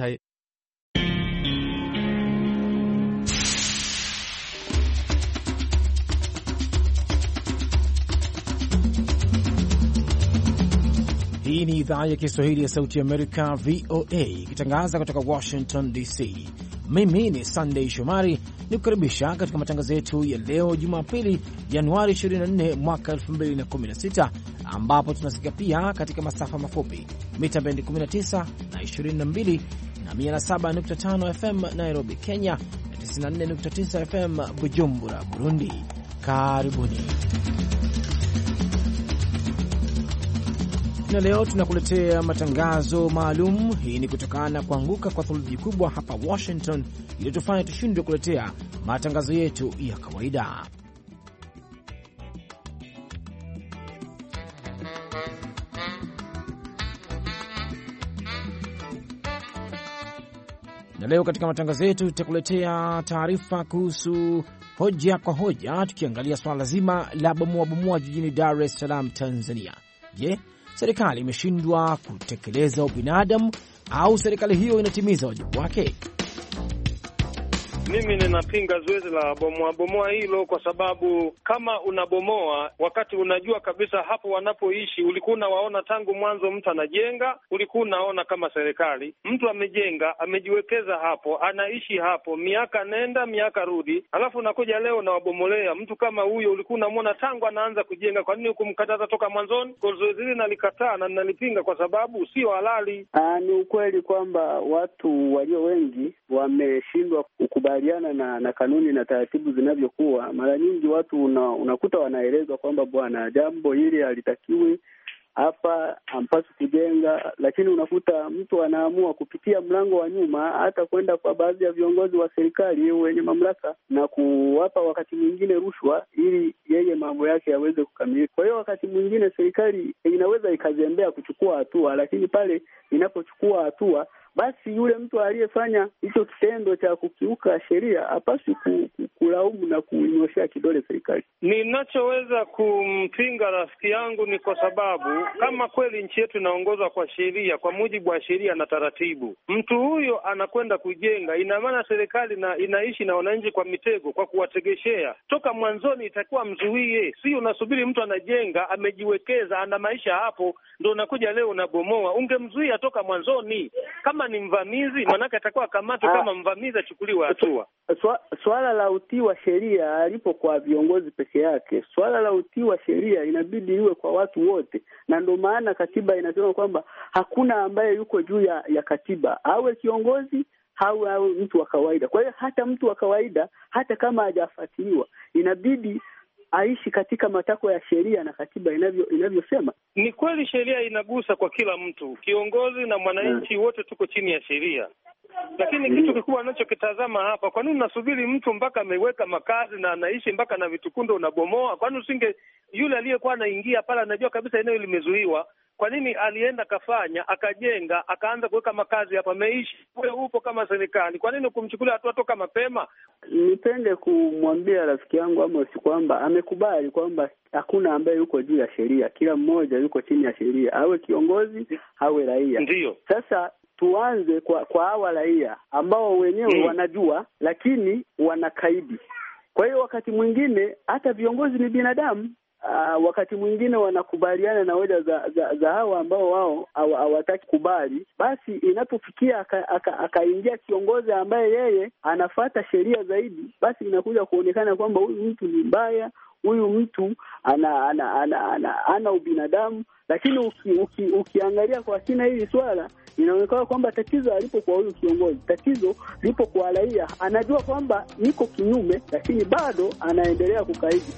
Hai. Hii ni idhaa ya Kiswahili ya Sauti Amerika VOA ikitangaza kutoka Washington DC. Mimi ni sandei Shomari ni kukaribisha katika matangazo yetu ya leo Jumapili, Januari 24 mwaka 2016 ambapo tunasikia pia katika masafa mafupi mita bendi 19 na 22 na 107.5 FM Nairobi, Kenya na 94.9 FM Bujumbura, Burundi. Karibuni na leo tunakuletea matangazo maalum. Hii ni kutokana na kuanguka kwa theluji kubwa hapa Washington iliyotufanya tushindwe kuletea matangazo yetu ya kawaida Na leo katika matangazo yetu tutakuletea taarifa kuhusu hoja kwa hoja, tukiangalia swala zima la bomoa jijini Dar es Salaam, Tanzania. Je, serikali imeshindwa kutekeleza ubinadamu au serikali hiyo inatimiza wajibu wake? Mimi ninapinga zoezi la bomoa bomoa hilo, kwa sababu kama unabomoa wakati unajua kabisa hapo wanapoishi, ulikuwa unawaona tangu mwanzo, mtu anajenga, ulikuwa unaona kama serikali, mtu amejenga, amejiwekeza hapo, anaishi hapo miaka nenda miaka rudi, alafu unakuja leo unawabomolea. Mtu kama huyo ulikuwa unamwona tangu anaanza kujenga, kwa nini hukumkataza toka mwanzoni? Kwa zoezi hili nalikataa na ninalipinga kwa sababu sio halali. Ah, ni ukweli kwamba watu walio wengi wameshindwa kukubali kukubaliana na, na kanuni na taratibu zinavyokuwa. Mara nyingi watu una, unakuta wanaelezwa kwamba bwana, jambo hili halitakiwi hapa, hampaswi kujenga, lakini unakuta mtu anaamua kupitia mlango wa nyuma, hata kwenda kwa baadhi ya viongozi wa serikali wenye mamlaka na kuwapa wakati mwingine rushwa, ili yeye mambo yake yaweze kukamilika. Kwa hiyo wakati mwingine serikali inaweza ikazembea kuchukua hatua, lakini pale inapochukua hatua basi yule mtu aliyefanya hicho kitendo cha kukiuka sheria hapaswi kulaumu na kuinyoshea kidole serikali. Ninachoweza kumpinga rafiki yangu ni kwa sababu kama kweli nchi yetu inaongozwa kwa sheria, kwa mujibu wa sheria na taratibu, mtu huyo anakwenda kujenga, ina maana serikali na inaishi na wananchi kwa mitego, kwa kuwategeshea toka mwanzoni. Itakuwa mzuie, si unasubiri mtu anajenga, amejiwekeza, ana maisha hapo, ndo unakuja leo unabomoa. Ungemzuia toka mwanzoni kama ni mvamizi, maanake atakuwa akamatwa ah. kama mvamizi, achukuliwe hatua. Swala la utii wa sheria alipo kwa viongozi peke yake. Swala la utii wa sheria inabidi iwe kwa watu wote, na ndio maana katiba inasema kwamba hakuna ambaye yuko juu ya, ya katiba, awe kiongozi au awe mtu wa kawaida. Kwa hiyo hata mtu wa kawaida, hata kama hajafuatiliwa, inabidi aishi katika matakwa ya sheria na katiba inavyo inavyosema. Ni kweli sheria inagusa kwa kila mtu, kiongozi na mwananchi hmm. Wote tuko chini ya sheria, lakini Kitu kikubwa anachokitazama hapa, kwa nini unasubiri mtu mpaka ameweka makazi na anaishi mpaka na vitukundo unabomoa? Kwani usinge yule aliyekuwa anaingia pale anajua kabisa eneo limezuiwa kwa nini alienda akafanya akajenga akaanza kuweka makazi hapa, ameishi kule, upo kama serikali, kwa nini kumchukulia hatua toka mapema? Nipende kumwambia rafiki yangu Amos kwamba amekubali kwamba hakuna ambaye yuko juu ya sheria, kila mmoja yuko chini ya sheria, awe kiongozi awe raia. Ndiyo sasa tuanze kwa kwa hawa raia ambao wenyewe mm, wanajua lakini wanakaidi. Kwa hiyo wakati mwingine hata viongozi ni binadamu, Uh, wakati mwingine wanakubaliana na hoja za, za, za hawa ambao wao hawataki kubali. Basi inapofikia akaingia aka, kiongozi ambaye yeye anafata sheria zaidi, basi inakuja kuonekana kwamba huyu mtu ni mbaya, huyu mtu ana ana, ana, ana, ana ubinadamu. Lakini uki, uki, ukiangalia kwa kina hili swala inaonekana kwamba tatizo alipo kwa huyu kiongozi, tatizo lipo kwa raia. Anajua kwamba niko kinyume, lakini bado anaendelea kukaidi.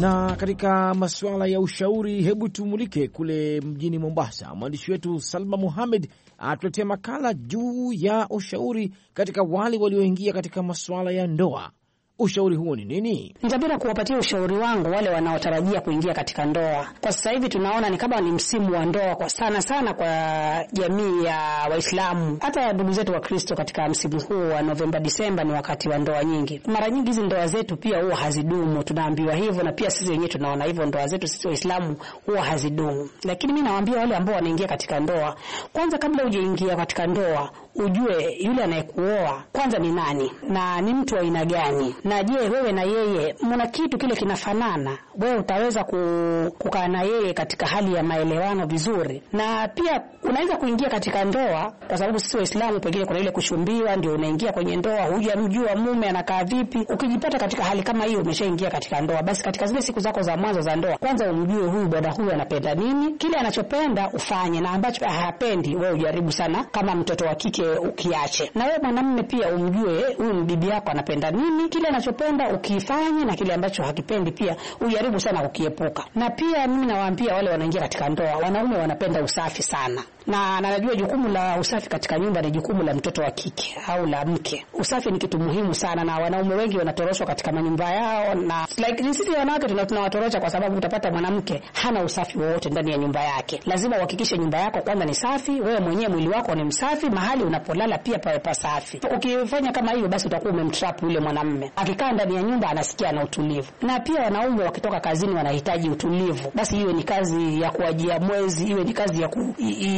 Na katika masuala ya ushauri, hebu tumulike kule mjini Mombasa. Mwandishi wetu Salma Muhamed atuletea makala juu ya ushauri katika wale walioingia katika masuala ya ndoa Ushauri huo ni nini? Nitapenda kuwapatia ushauri wangu wale wanaotarajia kuingia katika ndoa. Kwa sasa hivi tunaona ni kama ni msimu wa ndoa kwa sana sana kwa jamii ya Waislamu, hata ndugu zetu wa Kristo. Katika msimu huu wa Novemba, Disemba ni wakati wa ndoa nyingi. Mara nyingi hizi ndoa zetu pia huwa hazidumu, tunaambiwa hivyo, na pia sisi wenyewe tunaona hivyo, ndoa zetu sisi Waislamu huwa hazidumu. Lakini mimi nawaambia wale ambao wanaingia katika ndoa, kwanza kabla hujaingia katika ndoa ujue yule anayekuoa kwanza ni nani na ni mtu wa aina gani, na je, wewe na yeye mna kitu kile kinafanana, wewe utaweza kukaa na yeye katika hali ya maelewano vizuri, na pia unaweza kuingia katika ndoa, kwa sababu sisi Waislamu pengine kuna ile kushumbiwa, ndio unaingia kwenye ndoa, hujamjua mume anakaa vipi. Ukijipata katika hali kama hiyo, umeshaingia katika ndoa, basi katika zile siku zako za mwanzo za ndoa, kwanza umjue huyu bwana huyu anapenda nini, kile anachopenda ufanye, na ambacho hapendi wewe ujaribu sana, kama mtoto wa kike usiache ukiache. Na wewe mwanamume pia umjue huyu bibi yako anapenda nini, kile anachopenda ukifanye na kile ambacho hakipendi pia ujaribu sana kukiepuka. Na pia mimi nawaambia wale wanaingia katika ndoa, wanaume wanapenda usafi sana na najua jukumu la usafi katika nyumba ni jukumu la mtoto wa kike au la mke. Usafi ni kitu muhimu sana, na wanaume wengi wanatoroshwa katika manyumba yao, na like sisi wanawake tunawatorosha, kwa sababu utapata mwanamke hana usafi wowote ndani ya nyumba yake. Lazima uhakikishe nyumba yako kwanza ni safi, wewe mwenyewe mwili wako ni msafi, mahali unapolala pia pawe pasafi. Ukifanya kama hivyo, basi utakuwa umemtrap yule mwanamume. Akikaa ndani ya nyumba anasikia na utulivu, na pia wanaume wakitoka kazini wanahitaji utulivu. Basi iwe ni kazi ya kuajia mwezi, iwe ni kazi ya ku,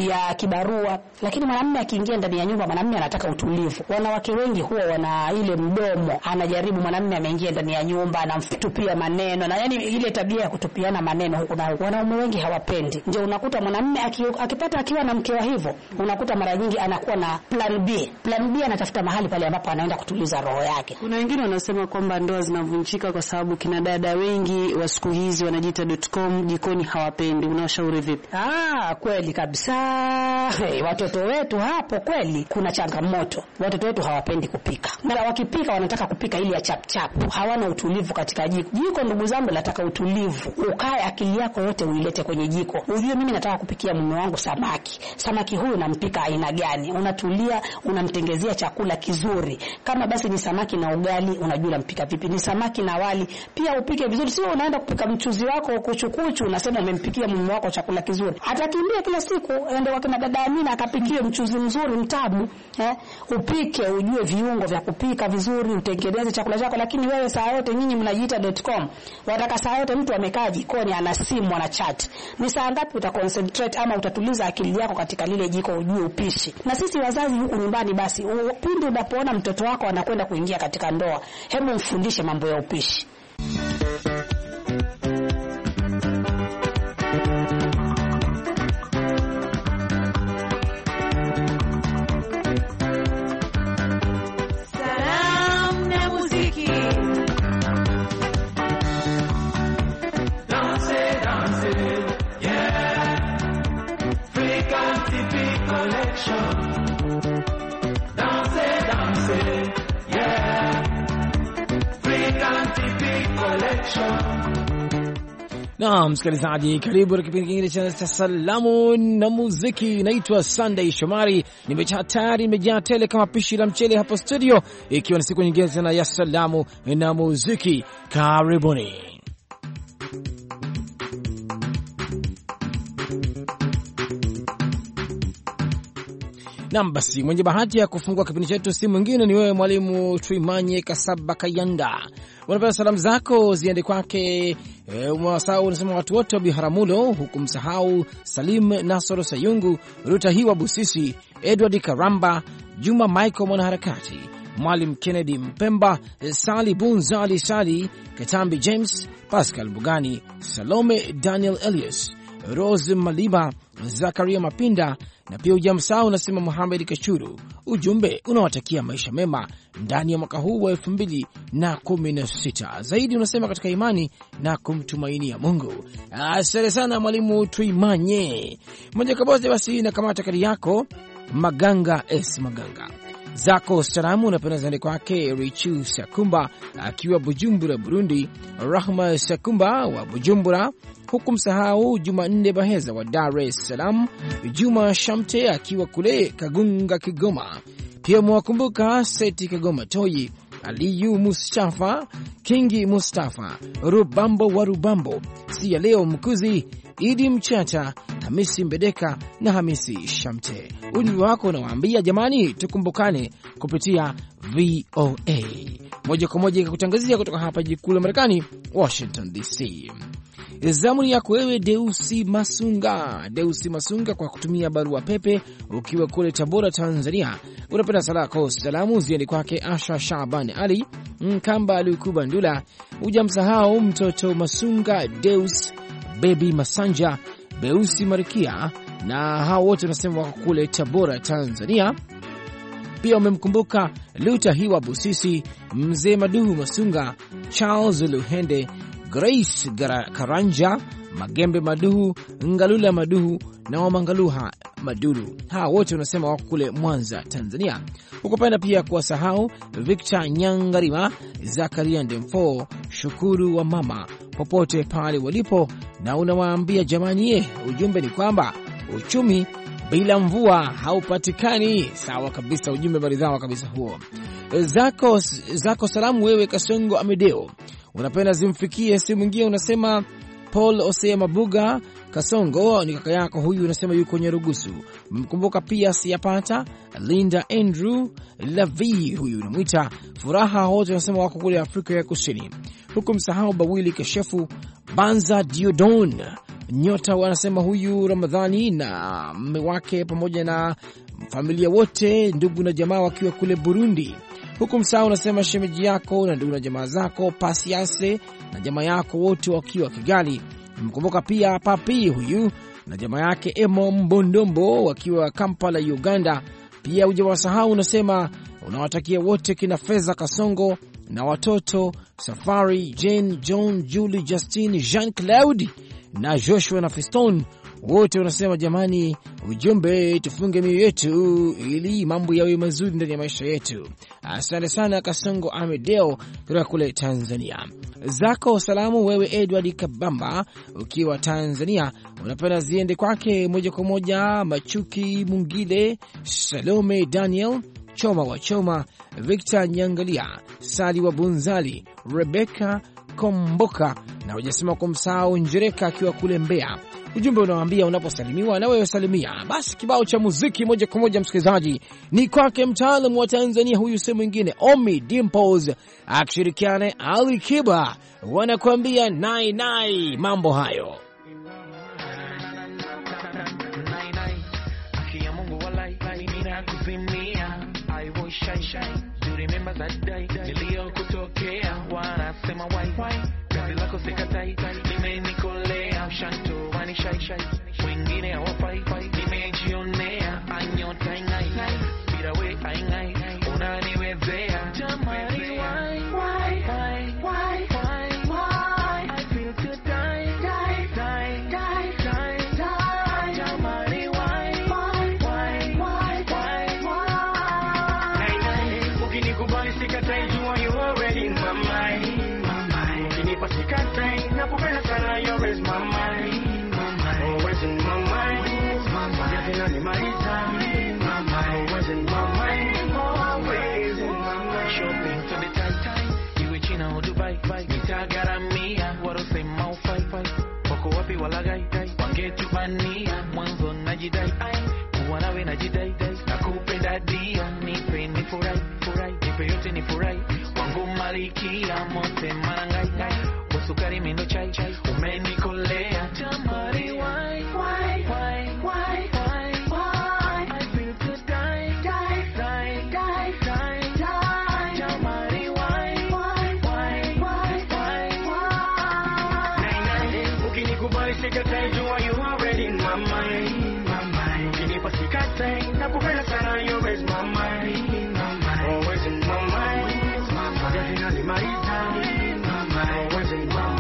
ya ya kibarua, lakini mwanamume akiingia ndani ya nyumba, mwanamume anataka utulivu. Wanawake wengi huwa wana ile mdomo, anajaribu mwanamume ameingia ndani ya nyumba, anamtupia maneno na yani ile tabia ya kutupiana maneno wanaume wengi hawapendi. Ndio unakuta mwanamume akipata akiwa na wa hivyo, unakuta mara nyingi anakuwa na plan B. Plan B anatafuta mahali pale ambapo anaenda kutuliza roho yake. Kuna wengine wanasema kwamba ndoa zinavunjika kwa sababu kina dada wengi wa siku hizi wanajiita jikoni hawapendi. Unawashauri vipi? Ah, kweli kabisa hey, eh, watoto wetu hapo kweli kuna changamoto. Watoto wetu hawapendi kupika, mara wakipika wanataka kupika ili ya chapchap, hawana utulivu katika jiko. Jiko ndugu zangu, nataka utulivu, ukae akili yako yote uilete kwenye jiko, ujue mimi nataka kupikia mume wangu samaki. Samaki huyu nampika aina gani? Unatulia, unamtengezea chakula kizuri, kama basi ni samaki na ugali, unajua unampika vipi, ni samaki na wali pia upike vizuri, sio unaenda kupika mchuzi wako kuchukuchu, unasema umempikia mume wako chakula kizuri, atakimbia kila siku ende wakina dada Amina akapikie mchuzi mzuri mtamu eh, upike ujue viungo vya kupika vizuri, utengeneze chakula chako. Lakini wewe saa yote nyinyi mnajiita .com, wataka saa yote mtu amekaa jikoni ana simu ana chat. Ni saa ngapi uta concentrate ama utatuliza akili yako katika lile jiko ujue upishi? Na sisi wazazi huku nyumbani, basi pindi unapoona mtoto wako anakwenda kuingia katika ndoa, hebu mfundishe mambo ya upishi. Na msikilizaji, karibu na kipindi kingine cha salamu na muziki. Naitwa Sunday Shomari, nimejaa tayari, nimejaa tele kama pishi la mchele hapo studio, ikiwa ni siku nyingine tena ya salamu na muziki. Karibuni. Nam, basi mwenye bahati ya kufungua kipindi chetu si mwingine ni wewe Mwalimu Twimanye Kasaba Kayanda. Unapenda salamu zako ziende kwake e, umewasahau unasema watu wote wa Biharamulo, huku msahau Salim Nasoro Sayungu, Ruta Hiwa Busisi, Edward Karamba, Juma Michael mwanaharakati Mwalimu Kennedy Mpemba, Sali Bunzali, Sali Katambi, James Pascal Bugani, Salome Daniel Elias Rose Malima, Zakaria Mapinda na pia ujamsahau unasema Muhamed Kachuru. Ujumbe unawatakia maisha mema ndani ya mwaka huu wa elfu mbili na kumi na sita. Zaidi unasema katika imani na kumtumainia Mungu. Asante sana Mwalimu Tuimanye moja Kabozi. Basi nakamata kadi yako Maganga S Maganga zako salamu unapenda zani kwake Richu Sakumba akiwa Bujumbura, Burundi, Rahma Sakumba wa Bujumbura, huku msahau Jumanne Baheza wa Dar es Salaam, Juma Shamte akiwa kule Kagunga, Kigoma. Pia mwakumbuka Seti Kagoma Toyi Aliyu Mustafa, Kingi Mustafa, Rubambo wa Rubambo, Sia Leo Mkuzi, Idi mchata Hamisi Mbedeka na Hamisi Shamte. Ujumbe wako unawaambia jamani, tukumbukane kupitia VOA moja kwa moja, ikakutangazia kutoka hapa jikuu la Marekani, Washington DC. Zamu ni yako wewe, Deusi Masunga. Deusi Masunga, kwa kutumia barua pepe ukiwa kule Tabora, Tanzania, unapenda salako salamu ziende kwake Asha Shaban Ali Mkamba Lukuba Ndula, hujamsahau mtoto Masunga, Deus Bebi Masanja, Beusi Marikia na hao wote unasema wako kule Tabora, Tanzania. Pia umemkumbuka Luta Hiwa Busisi, Mzee Maduhu Masunga, Charles Luhende Grace Karanja, Magembe Maduhu, Ngalula Maduhu na Wamangaluha Madulu. Hawa wote wanasema wako kule Mwanza, Tanzania. Hukupenda pia kuwasahau Victor Nyangarima, Zakaria Ndemfo, Shukuru wa mama popote pale walipo, na unawaambia jamani, ye eh, ujumbe ni kwamba uchumi bila mvua haupatikani. Sawa kabisa, ujumbe maridhawa kabisa huo. Zako, zako salamu wewe Kasongo Amedeo unapenda zimfikie, simu ingine unasema Paul Osea Mabuga Kasongo ni kaka yako huyu, unasema yuko Nyarugusu. Mkumbuka pia Siapata Linda Andrew Lavi, huyu unamwita Furaha. Wote unasema wako kule Afrika ya Kusini, huku msahau Bawili Keshefu Banza Diodon Nyota, wanasema huyu Ramadhani na mme wake pamoja na familia wote, ndugu na jamaa wakiwa kule Burundi huku msahau unasema shemeji yako na ndugu na jamaa zako Pasiase na jamaa yako wote wakiwa Kigali. Mkumbuka pia Papi huyu na jamaa yake Emo Mbondombo wakiwa Kampala, Uganda. Pia ujawasahau unasema unawatakia wote kina Fedha Kasongo na watoto Safari, Jane, John, Julie, Justine, Jean Claude na Joshua na Fiston wote wanasema jamani, ujumbe tufunge mioyo yetu ili mambo yawe mazuri ndani ya maisha yetu. Asante sana Kasongo Amedeo kutoka kule Tanzania. Zako salamu wewe Edward Kabamba ukiwa Tanzania, unapenda ziende kwake moja kwa moja Machuki Mungile, Salome Daniel Choma wa Choma, Victor Nyangalia, Sali wa Bunzali, Rebeka Komboka na hujasema kumsahau Njereka akiwa kule Mbeya Ujumbe unawaambia unaposalimiwa na wewe salimia. Basi kibao cha muziki moja kwa moja, msikilizaji, ni kwake mtaalamu wa Tanzania huyu, sehemu mwingine Omi Dimples akishirikiane Ali Kiba, wanakuambia nai nai, mambo hayo shanto wanishaishi wengine hawafai fai you done. I my time, my in my mind.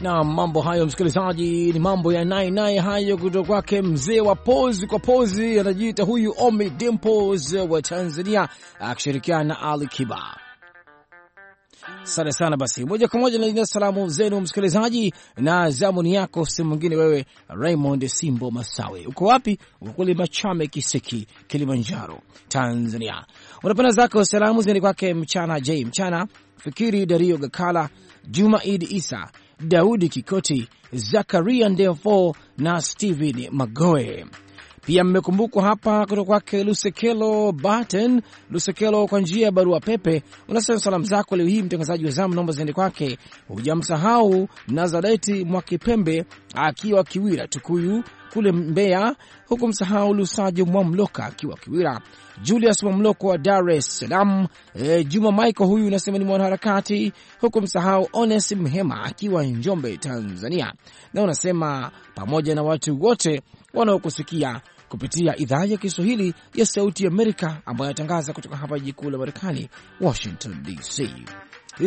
na mambo hayo msikilizaji, ni mambo ya nai nai hayo kutoka kwake mzee wa pozi kwa pozi, anajiita huyu Omi Dimples wa Tanzania akishirikiana na Ali Kiba. Asante sana. Basi moja kwa moja naina salamu zenu msikilizaji, na zamuni yako si mwingine wewe Raymond Simbo Masawe. Uko wapi? Uko kule Machame Kisiki, Kilimanjaro, Tanzania. Unapenda zako salamu ziende kwake Mchana J Mchana, Fikiri Dario Gakala, Juma Idi Isa Daudi Kikoti, Zakaria Ndefo na Steven Magoe. Pia mmekumbukwa hapa kutoka kwake Lusekelo Baten Lusekelo kwa njia ya barua pepe. Unasema salamu zako leo hii, mtangazaji wa zamu, naomba ziende kwake, hujamsahau Nazareti Mwakipembe akiwa Kiwira Tukuyu kule Mbeya, huku msahau Lusajo Mwamloka akiwa Kiwira, Julius Mwamloko wa Dar es Salaam, e, Juma Michael huyu unasema ni mwanaharakati, huku msahau Ones Mhema akiwa Njombe, Tanzania, na unasema pamoja na watu wote wanaokusikia kupitia idhaa ya Kiswahili ya Sauti Amerika ambayo inatangaza kutoka hapa jiji kuu la Marekani, Washington DC.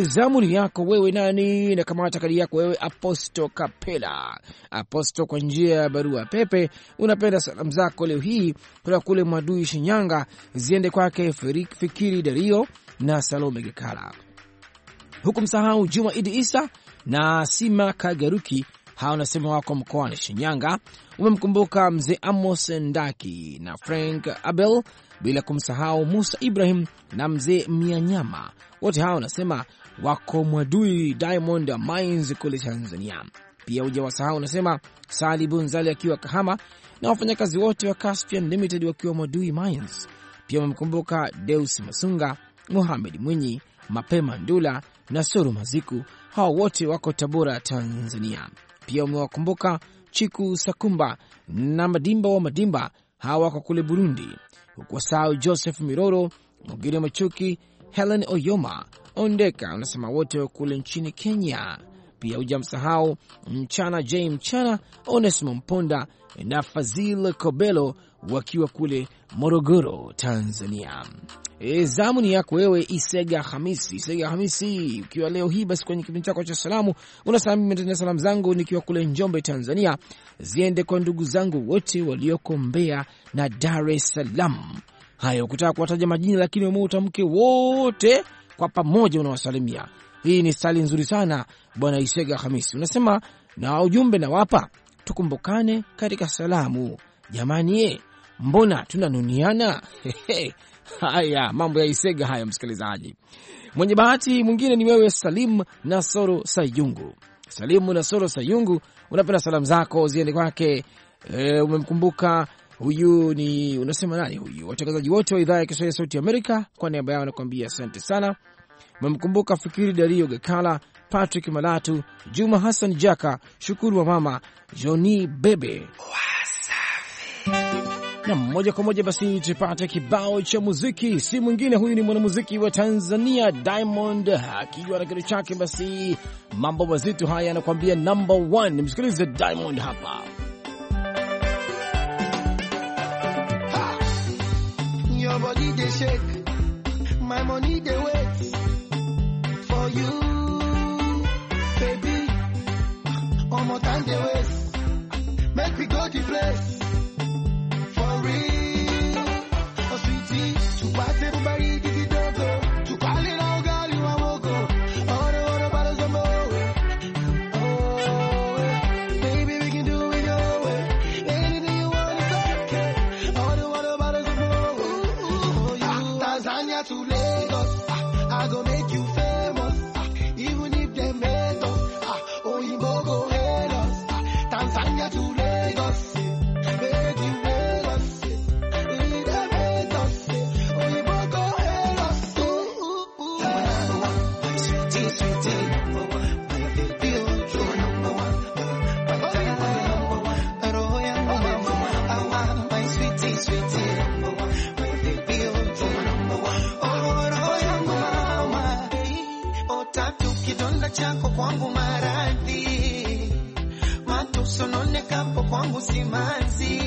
Zamuni yako wewe nani na kamata kadi yako wewe, Aposto Kapela Aposto, kwa njia ya barua pepe. Unapenda salamu zako leo hii kutoka kule Mwadui, Shinyanga, ziende kwake Fikiri Dario na Salome Gekala, huku msahau Juma Idi Isa na Sima Kagaruki hawa unasema wako mkoani Shinyanga, umemkumbuka mzee Amos Ndaki na Frank Abel, bila kumsahau Musa Ibrahim na mzee Mianyama. Wote hawa unasema wako Mwadui Diamond Mines kule Tanzania. Pia hujawasahau unasema Sali Bunzali akiwa Kahama na wafanyakazi wote wa Caspian Limited wakiwa Mwadui Mines. Pia wamemkumbuka Deus Masunga, Muhamed Mwinyi, Mapema Ndula na Soro Maziku. Hawa wote wako Tabora, Tanzania. Pia umewakumbuka Chiku Sakumba na Madimba wa Madimba, hawa wako kule Burundi, huku wasahau Joseph Miroro, Mwigiri Machuki, Helen Oyoma Ondeka, unasema wote wa kule nchini Kenya. Pia hujamsahau Mchana J Mchana, Onesimo Mponda na Fazil Kobelo wakiwa kule Morogoro, Tanzania. E, zamu ni yako wewe Isega Hamisi. Isega Hamisi, ukiwa leo hii basi kwenye kipindi chako cha salamu unasalimia salamu zangu nikiwa kule Njombe, Tanzania, ziende kwa ndugu zangu wote walioko Mbeya na Dar es Salaam. Hayo kutaka kuwataja majina, lakini wewe utamke wote kwa pamoja, unawasalimia. Hii ni stali nzuri sana bwana Isega Hamisi. Unasema na ujumbe nawapa tukumbukane katika salamu, jamani eh mbona tunanuniana? Haya, mambo ya Isega haya, msikilizaji. Mwenye bahati mwingine ni wewe Salim Nasoro Sayungu. Salimu Nasoro Sayungu, unapenda salamu zako ziende kwake e, umemkumbuka huyu ni unasema nani huyu, watangazaji wote wa idhaa ya Kiswahili ya Sauti Amerika, kwa niaba yao anakuambia asante sana. Umemkumbuka Fikiri Dario Gakala, Patrick Malatu, Juma Hassan Jaka, Shukuru wa Mama Joni Bebe Wasafi na moja kwa moja basi tupate kibao cha muziki. Si mwingine huyu ni mwanamuziki wa Tanzania Diamond akiwa na kitu chake, basi mambo mazito haya anakuambia number one. Msikilize Diamond hapa ha! chako kwangu maradhi, mato kapo kwangu simanzi,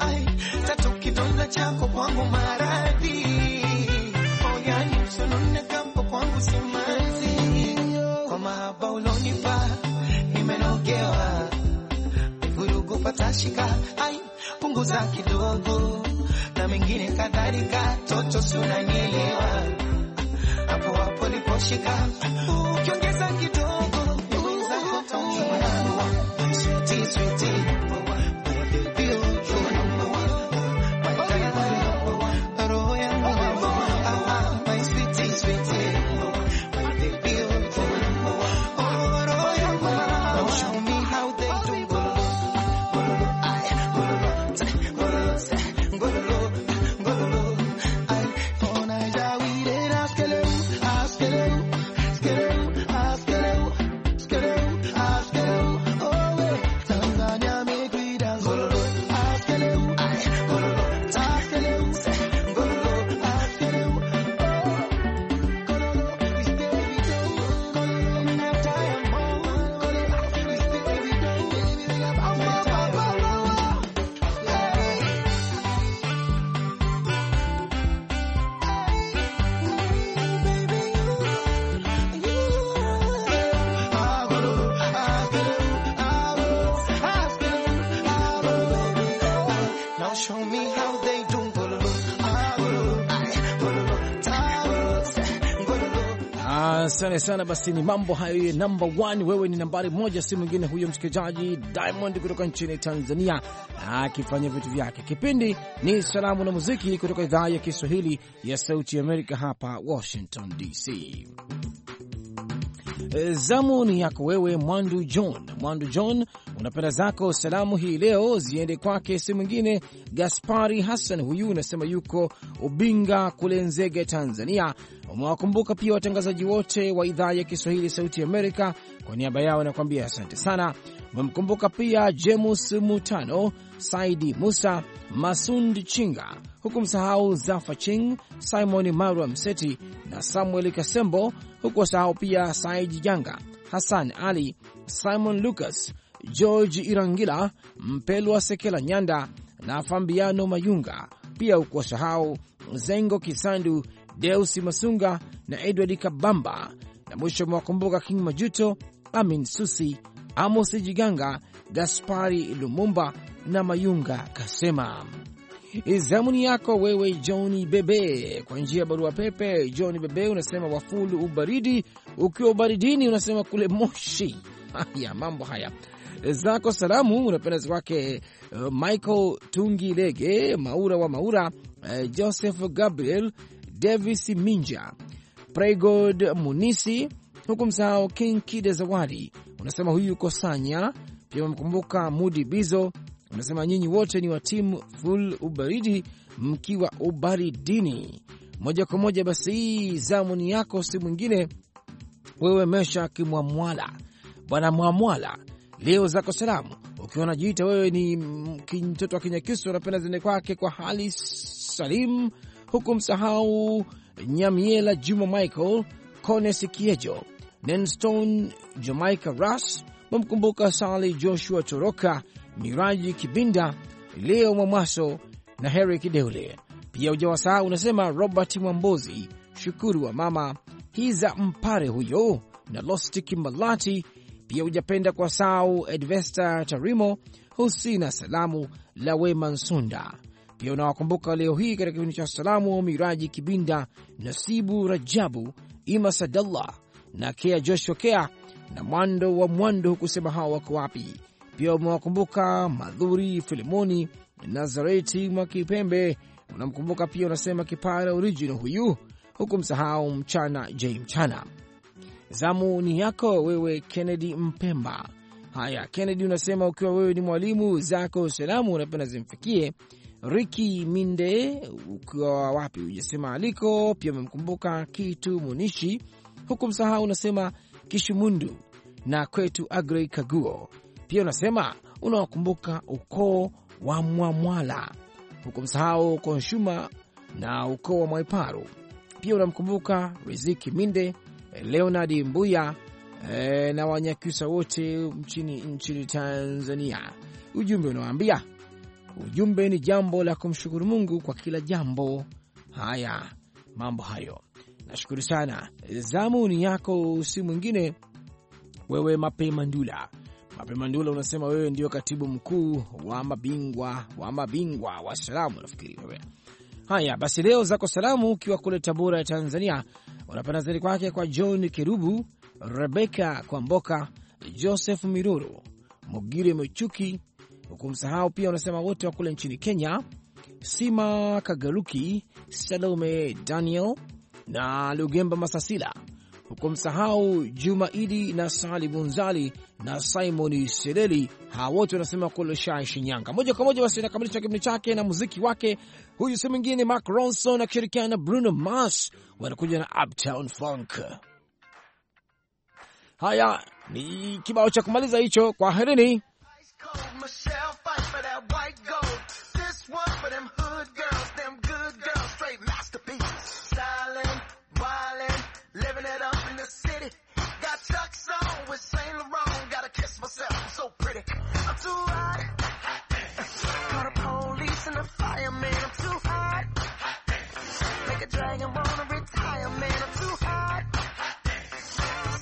ai tatu kidonda chako kwangu maradhi, oyani kwangu simanzi, kwa mahaba ulonipa patashika, ai punguza kidogo na mengine kadhalika, toto si unanielewa hapo unaposhika ukiongeza kidogo Asante sana. Basi ni mambo hayo ye namba one, wewe ni nambari moja, si mwingine huyo msikilizaji Diamond kutoka nchini Tanzania akifanya vitu vyake. Kipindi ni salamu na muziki kutoka idhaa ya Kiswahili ya Sauti ya Amerika hapa Washington DC. Eh, zamu ni yako wewe Mwandu John. Mwandu John, unapenda zako salamu hii leo ziende kwake, si mwingine Gaspari Hassan. Huyu unasema yuko Ubinga kule nzege Tanzania. Umewakumbuka pia watangazaji wote wa idhaa ya Kiswahili Sauti Amerika, kwa niaba yao nakuambia asante sana. Umemkumbuka pia James Mutano, Saidi Musa, Masund Chinga huku msahau Zafa Ching, Simon Marwa Mseti na Samuel Kasembo, huku wasahau pia Said Janga, Hassan Ali, Simon Lucas, George Irangila, Mpelwa Sekela Nyanda na Fambiano Mayunga, pia huku wasahau Zengo Kisandu, Deusi Masunga na Edward Kabamba, na mwisho mwakumbuka King Majuto, Amin Susi, Amos Jiganga, Gaspari Lumumba na Mayunga Kasema. Eh, zamuni yako wewe Johni Bebe kwa njia ya barua pepe. Johni Bebe unasema wafulu ubaridi, ukiwa ubaridini unasema kule Moshi. Haya mambo haya zako salamu unapenda kwake eh, Michael Tungi Lege, Maura wa Maura, eh, Joseph Gabriel Davis Minja, Pregod Munisi, huku msahau King Kide Zawadi, unasema huyu yuko Sanya. Pia umemkumbuka Mudi Bizo, unasema nyinyi wote ni wa timu ful ubaridi, mkiwa ubaridini moja kwa moja. Basi hii zamuni yako si mwingine wewe mesha kimwamwala bwana Mwamwala, leo zako salamu ukiwa unajiita wewe ni mtoto wa Kinyakiso, unapenda zende kwake kwa hali Salim, huku msahau Nyamiela Juma, Michael Cones, Kiejo Nenstone, Jamaica Ras, mamkumbuka Sali Joshua Toroka Miraji Kibinda, Leo Mwamwaso na Heri Kideule. Pia ujawasaa unasema Robert Mwambozi, Shukuru wa mama Hiza Mpare huyo na Losti Kimalati. Pia ujapenda kwa sau Edvesta Tarimo, Husina Salamu lawe Nsunda. Pia unawakumbuka leo hii katika kipindi cha salamu Miraji Kibinda, Nasibu Rajabu, Ima Sadallah na Kea Joshua Kea na Mwando wa Mwando, hukusema hawa wako wapi pia umewakumbuka Madhuri Filimoni Nazareti mwa Kipembe, unamkumbuka pia, unasema Kipara original huyu, huku msahau Mchana J Mchana. Zamu ni yako wewe Kennedy Mpemba. Haya Kennedy, unasema ukiwa wewe ni mwalimu zako salamu unapenda zimfikie Riki Minde, ukiwa wapi ujasema aliko. Pia umemkumbuka Kitu Munishi, huku msahau unasema Kishumundu na kwetu Agrey Kaguo pia unasema unawakumbuka ukoo wa Mwamwala, msahau Konshuma na ukoo wa Mwaiparu. Pia unamkumbuka Riziki Minde, Leonard Mbuya e, na Wanyakyusa wote nchini nchini Tanzania. Ujumbe unawaambia ujumbe ni jambo la kumshukuru Mungu kwa kila jambo. Haya, mambo hayo, nashukuru sana. Zamu ni yako, si mwingine wewe Mapema Ndula Mapema Ndula unasema wewe ndio katibu mkuu wa mabingwa wa mabingwa wa salamu, nafikiri wewe. Haya basi, leo zako salamu ukiwa kule Tabora ya Tanzania, unapenda zaidi kwake kwa John Kerubu, Rebeka Kwamboka, Joseph Miruru, Mogire Mechuki, hukumsahau pia. Unasema wote wa kule nchini Kenya, Sima Kagaruki, Salome Daniel na Lugemba Masasila hukumsahau Juma Idi na Sali Bunzali na Simoni Seleli. Hawa wote wanasema Kolosha, Shinyanga. Moja kwa moja basi nakamilisha kipindi chake na muziki wake. Huyu si mwingine Mark Ronson akishirikiana na Bruno Mars, wanakuja na Uptown Funk. Haya ni kibao cha kumaliza hicho, kwaherini. with Saint Laurent. Gotta kiss myself, I'm so pretty. I'm too hot. Call the police and the fireman. I'm too hot. Make a dragon wanna retire, man. I'm too hot.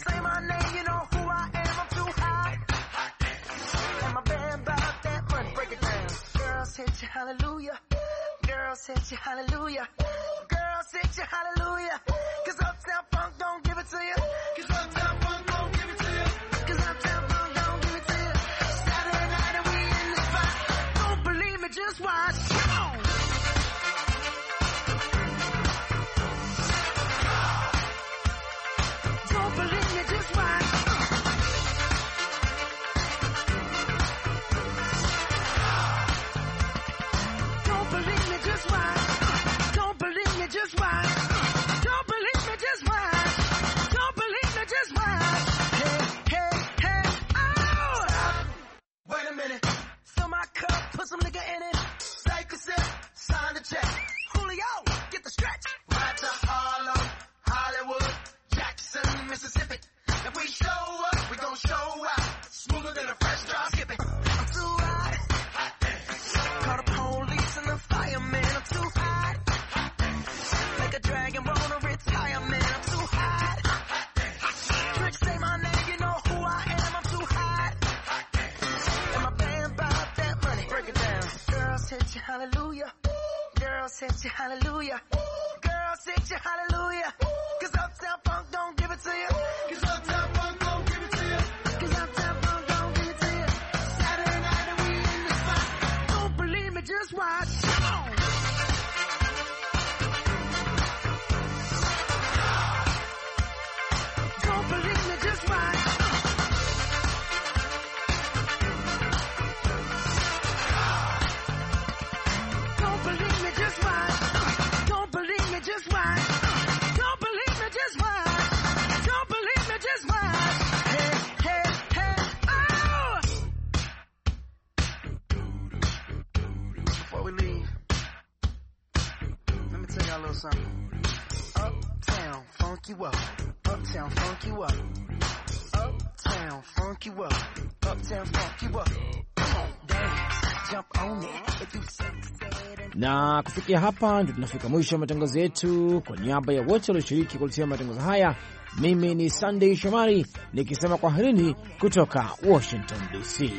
Say my name, you know who I am. I'm too hot. And my band about that money. Break it down. Girls hit you, hallelujah. Girls hit you, hallelujah. Girls hit you, hallelujah. Cause Uptown Funk don't give it to you. Na kufikia hapa ndio tunafika mwisho wa matangazo yetu. Kwa niaba ya wote walioshiriki kuletea matangazo haya, mimi ni Sandey Shomari nikisema kwaherini kutoka Washington DC.